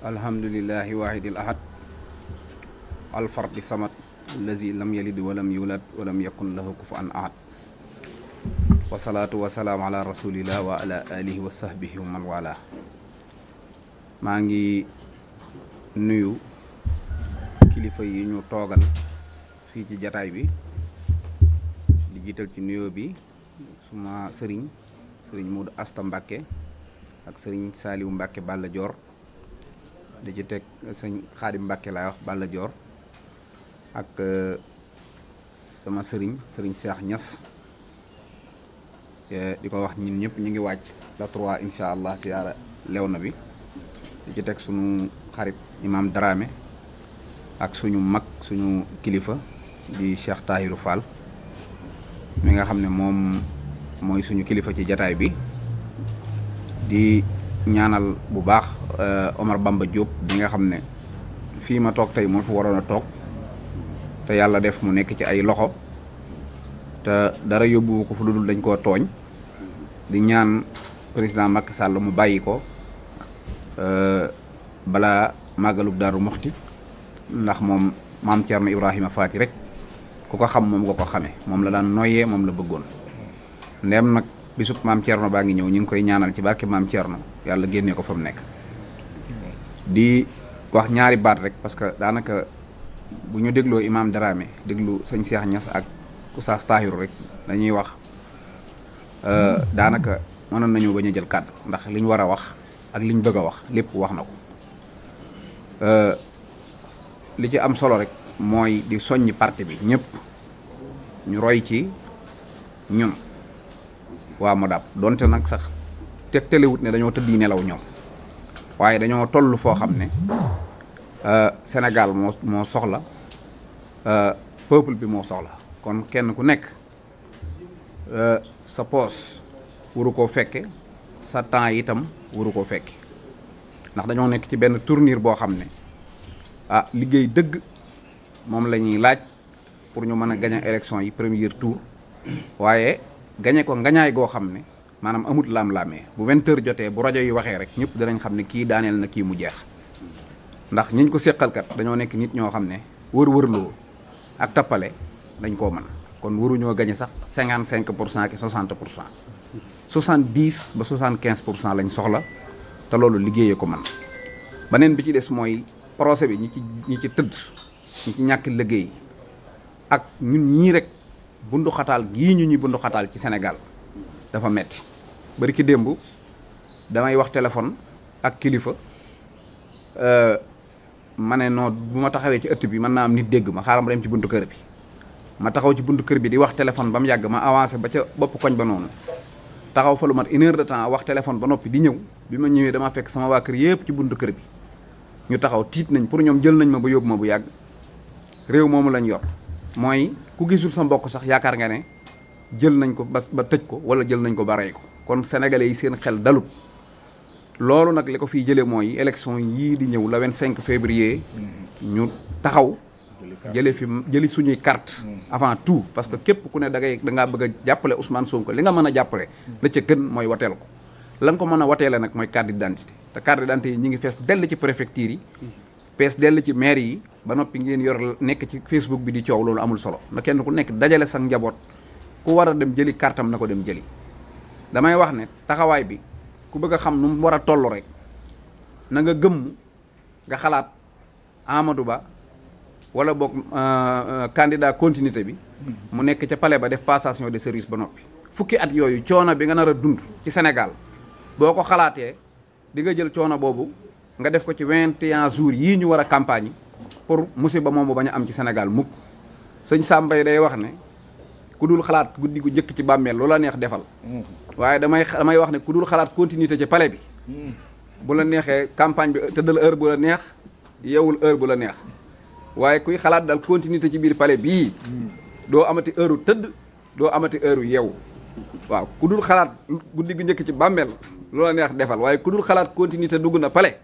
alhamdulilahi waahidil ahad alfardi samad allazi lam yalid walam yulad walam yakun lahu kufuwan ahad wasalaatu wasalaam ala rasulillah wa alihi wa sahbihi wala maa ngi nuyu kilifa yi ñu toogal fii ci jataay bi di jiital ci nuyo bi suma sëriñ sëriñ Moodu Asta Mbàkke ak sëriñ Saaliwu Mbàkke Balla Joor di ci teg sëñ Xaadim Mbàkke laay wax Balla Joor ak euh, sama sëriñ sëriñ Seex Ñas euh, di ko wax ñun ñëpp ñu ngi wàcc la trois incha allah siyaara lew na bi di ci teg suñu xarit imaam Dramé ak suñu mag suñu kilifa di Cheikh Tahiru Fall mi nga xam ne moom mooy suñu kilifa ci jataay bi di ñaanal bu baax euh, Omar Bamba Diop bi nga xam ne fii ma toog tey moo fu waroon a toog te yàlla def mu nekk ci ay loxo te dara yóbbu ko fu dul dañ koo tooñ di ñaan président Macky Sall mu bàyyi ko euh, balaa màggalub Daaru Muxti ndax moom maam Thierno Ibrahima Faty rek ku ko xam moom nga ko xamee moom la daan noyyee moom la bëggoon ndeem nag bisub maam Thierno baa ngi ñëw ñu ngi koy ñaanal ci barke maam Thierno yàlla génnee ko fa mu nekk di wax ñaari baat rek parce que daanaka bu ñu dégloo imaam Dramé déglu sëñ Cheikh ñas ak Oustaz Tahirou rek dañuy wax euh, daanaka mënoon nañu bañ a jël kàddu ndax liñ war a wax ak liñ bëgg a wax lépp wax na ko euh, li ci am solo rek mooy di soññ parti bi ñëpp ñu roy ci ñun waa Modap donte nag sax te telewut ne dañoo tëdd tëddi nelaw ñoom waaye dañoo toll foo xam ne euh, Sénégal moo moo soxla euh, peuple bi moo soxla kon kenn ku nekk euh, sa poos waru koo fekke sa temps itam waru koo fekke ndax dañoo nekk ci benn tournure boo xam ne ah liggéey dëgg moom lañuy laaj pour ñu mën a gañe élection yi premier tour waaye gañe ko ngañaay goo xam ne maanaam amut laam-laamee bu vingt jotee bu rajo yi waxee rek ñëpp danañ xam ne kii daaneel na kii mu jeex ndax ñiñ ko seqalkat dañoo nekk nit ñoo xam ne wër-wërloo ak tappale dañ koo mën kon waruñoo gañe sax cinquante cinq pour cent ki soixante pour cent soixante dix ba soixante quinze pour cent lañ soxla te loolu liggéeyee ko man beneen bi ci des mooy procès bi ñi ci ñi ci tëdd ñi ci ñàkk liggéey ak ñun ñii rek bundu xataal gii ñu ñuy bundu xataal ci Sénégal dafa metti bari ki démb damay wax téléphone ak kilifa euh, ma ne non bu ma taxawee ci ëtt bi mën naa am nit dégg ma xaaral ma dem ci buntu kër bi ma taxaw ci buntu kër bi di wax téléphone ba mu yàgg ma avancé ba ca bopp koñ ba noonu taxaw fa lu mat une heure de temps wax téléphone ba noppi di ñëw bi ma ñëwee dama fekk sama waa kër yépp ci buntu kër bi ñu taxaw tiit nañ pour ñoom jël nañ ma ba yóbbu ma bu yàgg réew moomu lañ yor mooy ku gisul sa mbokk sax yaakaar nga ne jël nañ ko ba ba tëj ko wala jël nañ ko ba rey ko kon sénégalais yi seen xel dalut loolu nag li ko fiy jëlee mooy élection yii di ñëw la 25 février mm-hmm. ñu taxaw jëlee fi jëli suñuy carte mm-hmm. avant tout parce que képp ku ne da ngay da ngaa bëgg a jàppale Ousmane ko li nga mën a jàppale la ca mooy wateel ko la nga ko mën a wateele nag mooy carte d'identité te carte d'identité yi ñi ngi fees dell ci préfecture yi mm-hmm. fees dell ci maire yi ba noppi ngeen yor nekk ci Facebook bi di coow loolu amul solo na kenn ku nekk dajale sa njaboot ku war a dem jëli kartam na ko dem jëli damay wax ne taxawaay bi ku bëgg a xam nu mu war a toll rek na nga gëmm nga xalaat Amadou Ba wala boog euh, euh, candidat continuté bi hmm. mu nekk ca pale ba def passation de service ba noppi fukki at yooyu coono bi nga nar a dund ci Sénégal boo ko xalaatee di nga jël coono boobu nga def ko ci 21 jours yii ñu war a campagne pour musiba moomu bañ a am ci Sénégal mukk sëñ Samba day wax ne ku dul xalaat guddi gu njëkk ci bàmmeel loola neex defal waaye damay damay wax ne ku dul xalaat continuité ci palais bi bu la neexee campagne bi euh, tëddal heure bu neex yeewul bu la neex waaye kuy xalaat daal continuité ci biir palais bii doo amati heure tëdd doo amati heure yeewu waaw ku dul xalaat guddi gu njëkk ci bàmmeel loola neex defal waaye ku dul xalaat continuité dugg na pale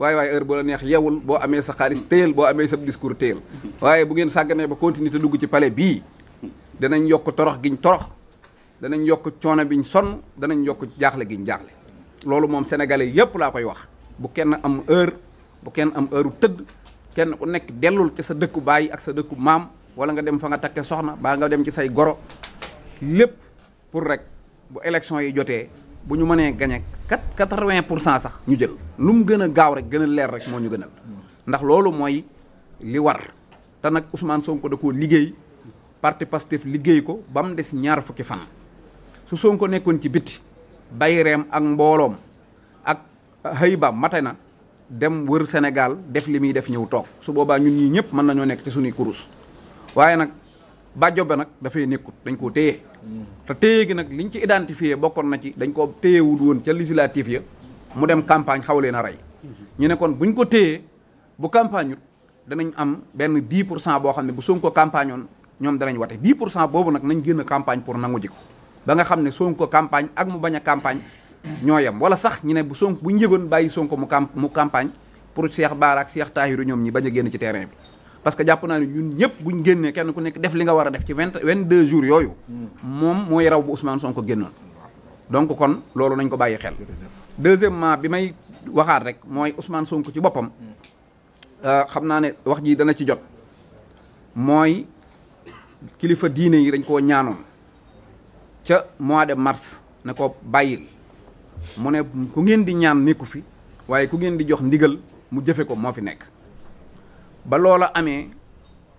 waaye waaye heure boo la neex yeewul boo amee sa xaalis téyel boo amee sa discours téyel waaye bu ngeen sàgganee ba continuité dugg ci palais bii danañ yokk torox gi giñ torox danañ yokk coono bi ñu sonn danañ yokk jaaxle giñ jaaxle loolu moom sénégalais yëpp laa koy wax bu kenn am heure bu kenn am heure tëdd kenn ku nekk dellul ci sa dëkku baay ak sa dëkku maam wala nga dem fa nga takke soxna baa nga dem ci say goro lépp pour rek bu élection yi jotee bu ñu mënee gañe quatre quatre-vingt pour cent sax ñu jël lu mu gën gaaw rek gën a leer rek moo ñu gënal ndax loolu mooy li war te nag Ousmane Sonko da koo liggéey parti Pastef liggéey ko ba mu des ñaar fukki fan su Sonko nekkoon ci biti bayreem ak mbooloom ak hayba mate na dem wër Sénégal def li muy def ñëw toog su boobaa ñun ñii ñëpp mën nañoo nekk ci suñuy kurus waaye nag bàjjo ba nag dafay nekkut dañ koo téye te téye gi nag liñ ci identifier bokkoon na ci dañ koo téyewul woon ca législatif ya mu dem campagne xaw leen a rey ñu ne kon buñ ko téyee bu campagne danañ am benn 10 pour cent boo xam ne bu Sonko campagne oon ñoom danañ wate bii pour cent boobu nag nañ génn campagne pour nangu ji ko ba nga xam ne Sonko campagne ak mu bañ a campagne ñoo yam wala sax ñu ne bu Sonko bu ñu yëgoon bàyyi Sonko mu camp mu campagne pour Cheikh Bara ak Cheikh Tahirou ñoom ñi bañ a génn ci terrain bi parce que jàpp naa ne ñun ñëpp buñ génnee kenn ku nekk def li nga war a def ci vingt vingt-deux jours yooyu moom mooy raw bu Ousmane sonk génnoon donc kon loolu nañ ko bàyyi xel deuxièmement bi may waxaat rek mooy Ousmane Sonko ci boppam euh, xam naa ne wax ji dana ci jot mooy kilifa diine yi dañ koo ñaanoon ca mois de mars ne ko bàyyil mu ne ku ngeen di ñaan nekku fi waaye ku ngeen di jox ndigal mu jëfe ko moo fi nekk ba loola amee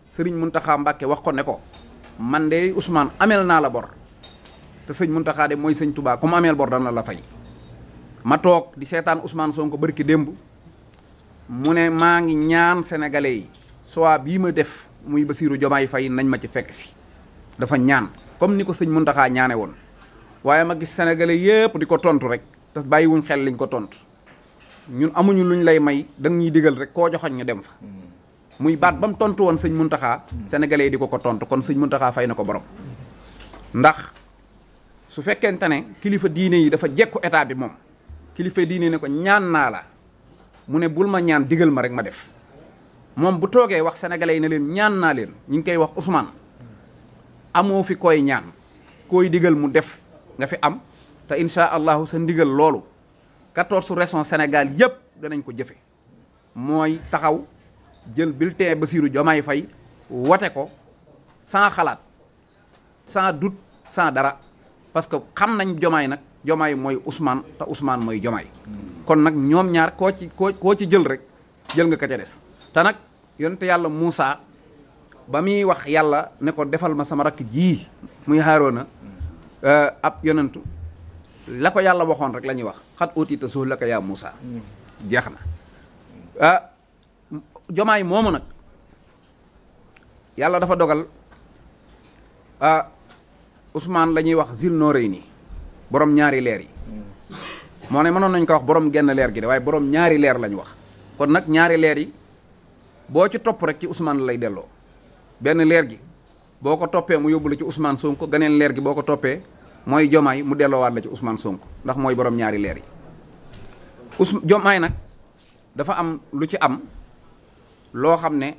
sëriñ Muntaxa Mbàkke wax ko ne ko man de Ousmane ameel naa la bor te sëñ Muntaxa de mooy sëñ Tubaa comme ameel bor dana la fay ma toog di seetaan Ousmane ko bërki démb mu ne maa ngi ñaan sénégalais yi soit bii ma def muy Basiiru Jomaay Fay nañ ma ci fekk si dafa ñaan comme ni ko sëñ Muntaxaa ñaane woon waaye ma gis sénégalais yëpp di ko tontu rek te bàyyiwuñ xel liñ ko tontu ñun amuñu luñ lay may da ñuy digal rek koo joxoñ ñu dem fa muy baat ba mu tontu woon sëñ Muntaxaa sénégalais yi di ko ko tontu kon sëñ Muntaxaa fay na ko borom ndax su fekkente ne kilifa diine yi dafa jekku état bi moom kilifa diine ne ko ñaan naa la mu ne bul ma ñaan digal ma rek ma def moom bu toogee wax sénégalais yi ne leen ñaan naa leen ñu ngi koy wax Ousmane amoo fi koy ñaan koy digal mu def nga fi am te incha allahu sa ndigal loolu su reson Sénégal yëpp danañ ko jëfe mooy taxaw jël bulletin Bassirou Diomaye fay wote ko saa xalaat saa doute sans dara parce que xam nañ Diomaye nag Diomaye mooy Ousmane te Ousmane mooy Diomaye hmm. kon nag ñoom ñaar koo ci koo koo ci jël rek jël nga ka ca des te nag yonte yàlla Moussa ba muy wax yàlla ne ko defal ma sama rakk jii muy Haaruna euh, ab yonentu la ko yàlla waxoon rek la ñuy wax xat ootita suuf la ko yaa Moussa jeex na euh, jomaay moomu nag yàlla dafa dogal euh, Ousmane la ñuy wax zil nooréy nii borom ñaari leer yi hmm. moo ne mënoon nañ ko wax borom genn leer gi de waaye boroom ñaari leer lañu wax kon nag ñaari leer yi boo ci topp rek ci Ousmane lay delloo benn leer gi boo ko toppee mu yóbbu la ci Ousmane Sonko ganeen leer gi boo ko toppee mooy jomaay mu delloowaat la ci Ousmane Sonko ndax mooy borom ñaari leer yi us jomaay nag dafa am lu ci am loo xam ne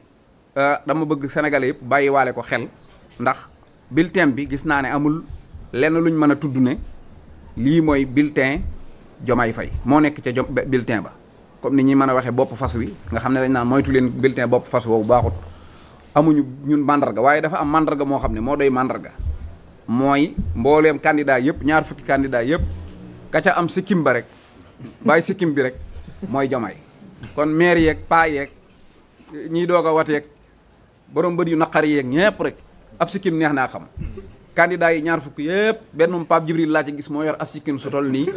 euh, dama bëgg sénégalais yëpp bàyyiwaale ko xel ndax bulletin bi gis naa ne amul lenn luñ mën a tudd ne lii mooy bulletin jomaay fay moo nekk ca bulletin ba comme ni ñuy mën a waxee bopp fas wi nga xam ne dañ naan moytu leen bulletin bopp fas woowu baaxut amuñu ñun màndarga waaye dafa am màndarga moo xam ne moo doy mandarga mooy mbooleem candidat yëpp ñaar fukki candidat yëpp ka ca am sikkim ba rek sikkim bi rek mooy Diomaye kon maire yeeg paa yeeg ñiy doog a wateeg borom bët yu naqari yeeg ñëpp rek ab sikkim neex naa xam candidat yi ñaar fukk yëpp benn moom Pape Djibril laa ci gis moo yor as sikkim su tol nii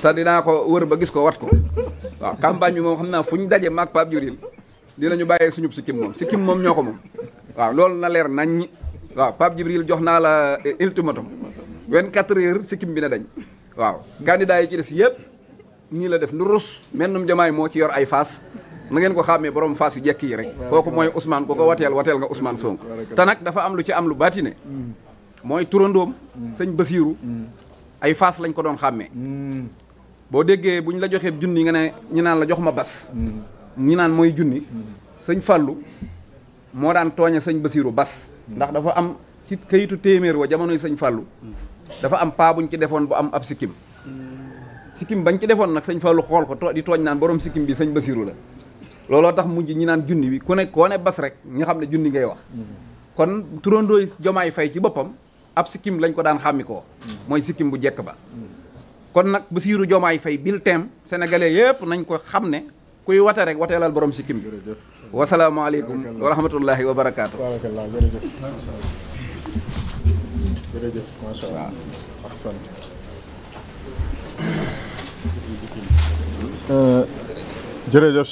te dinaa ko wër ba gis ko wat ko waaw campagne bi moom xam naa fu ñu daje maag Pape Djibril ñu bàyyee suñu sikkim moom sikkim moom ñoo ko moom waaw loolu na leer nañ waaw Pape Djibril jox naa la eh, ultimatum 24 heures sikkim bi na dañ waaw candidat yi ci des yëpp ñii la def nu rus mennum jamaay moo ci yor ay faas na ngeen ko xàmmee borom faas yu jekk yi rek kooku mooy Ousmane ko ko wateel wateel nga Ousmane Sonko te nag dafa am lu ci am lu baatine mooy turandoom mm. sëñ Basiiru mm. ay faas lañ ko doon xàmmee mm. boo déggee bu ñu la joxee junni nga ne ñu naan la jox ma bas ñu naan mooy junni sëñ Fallou moo daan tooñe sëñ Basiiru bas ndax dafa am ci kayitu téeméer wa jamonoy sëñ fàllu dafa am paa buñ ci defoon bu am ab sikkim sikkim bañ ci defoon nag sëñ Fallou xool ko di tooñ naan boroom sikkim bi sañ Basiiru la looloo tax mujj ñi naan junni wi ku ne koo ne bas rek ñi xam ne junni ngay wax kon turandooy jomaay fay ci boppam ab sikkim lañ ko daan xàmmikoo mooy sikkim bu jekk ba kon nag Bassirou Diomaye Faye bulletin sénégalais yëpp nañ ko xam ne kuy wate rek wateelal borom sikkim bi wasalaamaaleykum wa rahmatullahi wa barakaatu